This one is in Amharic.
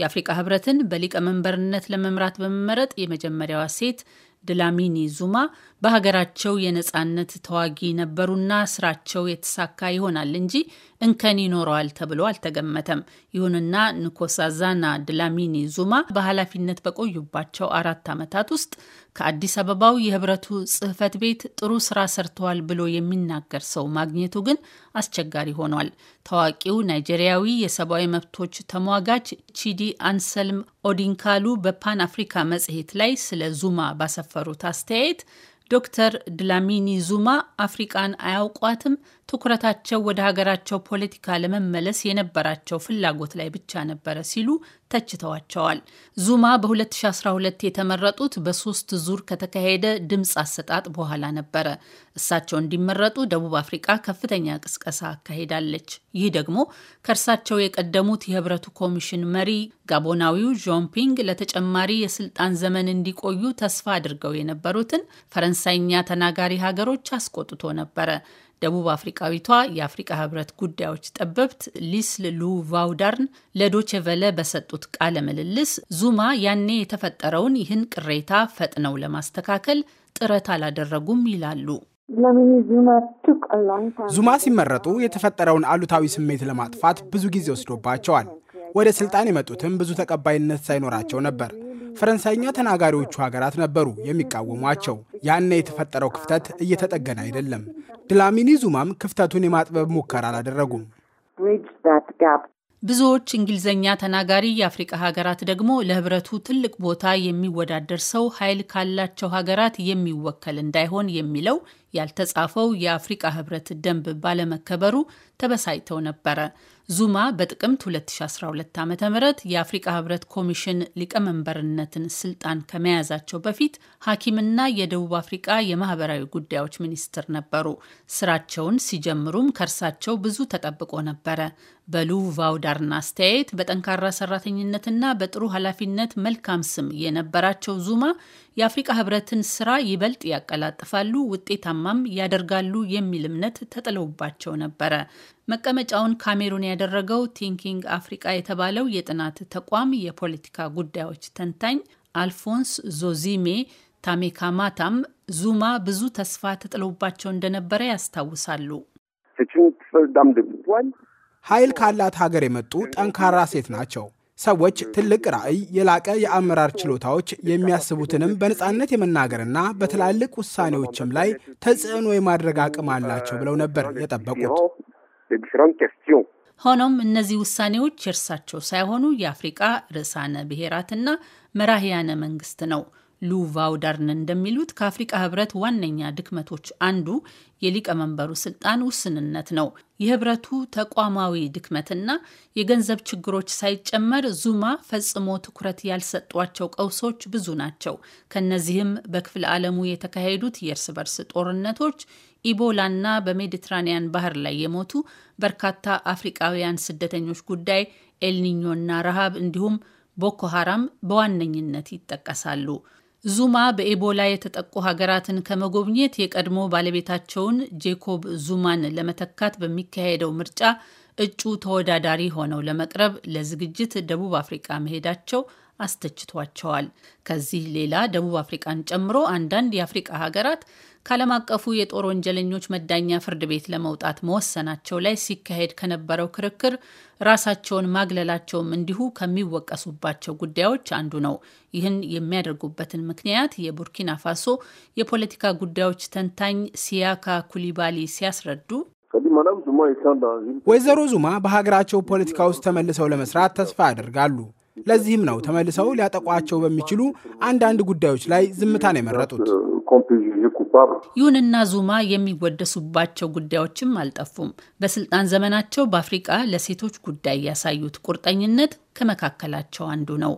የአፍሪቃ ህብረትን በሊቀመንበርነት ለመምራት በመመረጥ የመጀመሪያዋ ሴት ድላሚኒ ዙማ በሀገራቸው የነጻነት ተዋጊ ነበሩና ስራቸው የተሳካ ይሆናል እንጂ እንከን ይኖረዋል ተብሎ አልተገመተም። ይሁንና ንኮሳዛና ድላሚኒ ዙማ በኃላፊነት በቆዩባቸው አራት ዓመታት ውስጥ ከአዲስ አበባው የህብረቱ ጽህፈት ቤት ጥሩ ስራ ሰርተዋል ብሎ የሚናገር ሰው ማግኘቱ ግን አስቸጋሪ ሆኗል። ታዋቂው ናይጄሪያዊ የሰብአዊ መብቶች ተሟጋች ቺዲ አንሰልም ኦዲንካሉ በፓን አፍሪካ መጽሔት ላይ ስለ ዙማ ባሰፈሩት አስተያየት ዶክተር ድላሚኒ ዙማ አፍሪቃን አያውቋትም፣ ትኩረታቸው ወደ ሀገራቸው ፖለቲካ ለመመለስ የነበራቸው ፍላጎት ላይ ብቻ ነበረ ሲሉ ተችተዋቸዋል። ዙማ በ2012 የተመረጡት በሶስት ዙር ከተካሄደ ድምፅ አሰጣጥ በኋላ ነበረ። እሳቸው እንዲመረጡ ደቡብ አፍሪቃ ከፍተኛ ቅስቀሳ አካሂዳለች። ይህ ደግሞ ከእርሳቸው የቀደሙት የህብረቱ ኮሚሽን መሪ ጋቦናዊው ዦምፒንግ ለተጨማሪ የስልጣን ዘመን እንዲቆዩ ተስፋ አድርገው የነበሩትን ፈረንሳይኛ ተናጋሪ ሀገሮች አስቆጥቶ ነበረ። ደቡብ አፍሪቃዊቷ የአፍሪቃ ህብረት ጉዳዮች ጠበብት ሊስል ቫውዳርን ለዶቼቨለ በሰጡት ቃለ ምልልስ ዙማ ያኔ የተፈጠረውን ይህን ቅሬታ ፈጥነው ለማስተካከል ጥረት አላደረጉም ይላሉ። ዙማ ሲመረጡ የተፈጠረውን አሉታዊ ስሜት ለማጥፋት ብዙ ጊዜ ወስዶባቸዋል። ወደ ስልጣን የመጡትም ብዙ ተቀባይነት ሳይኖራቸው ነበር። ፈረንሳይኛ ተናጋሪዎቹ ሀገራት ነበሩ የሚቃወሟቸው። ያነ የተፈጠረው ክፍተት እየተጠገነ አይደለም። ድላሚኒ ዙማም ክፍተቱን የማጥበብ ሙከራ አላደረጉም። ብዙዎች እንግሊዝኛ ተናጋሪ የአፍሪቃ ሀገራት ደግሞ ለህብረቱ ትልቅ ቦታ የሚወዳደር ሰው ኃይል ካላቸው ሀገራት የሚወከል እንዳይሆን የሚለው ያልተጻፈው የአፍሪቃ ህብረት ደንብ ባለመከበሩ ተበሳጭተው ነበረ። ዙማ በጥቅምት 2012 ዓ ም የአፍሪቃ ህብረት ኮሚሽን ሊቀመንበርነትን ስልጣን ከመያዛቸው በፊት ሐኪምና የደቡብ አፍሪቃ የማህበራዊ ጉዳዮች ሚኒስትር ነበሩ። ስራቸውን ሲጀምሩም ከእርሳቸው ብዙ ተጠብቆ ነበረ። በሉቫው ቫውዳርን አስተያየት በጠንካራ ሰራተኝነትና በጥሩ ኃላፊነት መልካም ስም የነበራቸው ዙማ የአፍሪቃ ህብረትን ስራ ይበልጥ ያቀላጥፋሉ፣ ውጤታማም ያደርጋሉ የሚል እምነት ተጥለውባቸው ነበረ። መቀመጫውን ካሜሩን ያደረገው ቲንኪንግ አፍሪቃ የተባለው የጥናት ተቋም የፖለቲካ ጉዳዮች ተንታኝ አልፎንስ ዞዚሜ ታሜካማታም ዙማ ብዙ ተስፋ ተጥሎባቸው እንደነበረ ያስታውሳሉ። ኃይል ካላት ሀገር የመጡ ጠንካራ ሴት ናቸው። ሰዎች ትልቅ ራዕይ፣ የላቀ የአመራር ችሎታዎች፣ የሚያስቡትንም በነፃነት የመናገርና በትላልቅ ውሳኔዎችም ላይ ተጽዕኖ የማድረግ አቅም አላቸው ብለው ነበር የጠበቁት። différentes questions. ሆኖም እነዚህ ውሳኔዎች የእርሳቸው ሳይሆኑ የአፍሪቃ ርዕሳነ ብሔራትና መራህያነ መንግስት ነው ሉቫውዳርን እንደሚሉት ከአፍሪቃ ህብረት ዋነኛ ድክመቶች አንዱ የሊቀመንበሩ ስልጣን ውስንነት ነው። የህብረቱ ተቋማዊ ድክመትና የገንዘብ ችግሮች ሳይጨመር ዙማ ፈጽሞ ትኩረት ያልሰጧቸው ቀውሶች ብዙ ናቸው። ከነዚህም በክፍለ ዓለሙ የተካሄዱት የእርስ በርስ ጦርነቶች፣ ኢቦላና በሜዲትራኒያን ባህር ላይ የሞቱ በርካታ አፍሪቃውያን ስደተኞች ጉዳይ፣ ኤልኒኞና ረሃብ እንዲሁም ቦኮ በዋነኝነት ይጠቀሳሉ። ዙማ በኤቦላ የተጠቁ ሀገራትን ከመጎብኘት የቀድሞ ባለቤታቸውን ጄኮብ ዙማን ለመተካት በሚካሄደው ምርጫ እጩ ተወዳዳሪ ሆነው ለመቅረብ ለዝግጅት ደቡብ አፍሪቃ መሄዳቸው አስተችቷቸዋል። ከዚህ ሌላ ደቡብ አፍሪቃን ጨምሮ አንዳንድ የአፍሪቃ ሀገራት ከዓለም አቀፉ የጦር ወንጀለኞች መዳኛ ፍርድ ቤት ለመውጣት መወሰናቸው ላይ ሲካሄድ ከነበረው ክርክር ራሳቸውን ማግለላቸውም እንዲሁ ከሚወቀሱባቸው ጉዳዮች አንዱ ነው። ይህን የሚያደርጉበትን ምክንያት የቡርኪና ፋሶ የፖለቲካ ጉዳዮች ተንታኝ ሲያካ ኩሊባሊ ሲያስረዱ ወይዘሮ ዙማ በሀገራቸው ፖለቲካ ውስጥ ተመልሰው ለመስራት ተስፋ ያደርጋሉ። ለዚህም ነው ተመልሰው ሊያጠቋቸው በሚችሉ አንዳንድ ጉዳዮች ላይ ዝምታን የመረጡት። ይሁንና ዙማ የሚወደሱባቸው ጉዳዮችም አልጠፉም። በስልጣን ዘመናቸው በአፍሪቃ ለሴቶች ጉዳይ ያሳዩት ቁርጠኝነት ከመካከላቸው አንዱ ነው።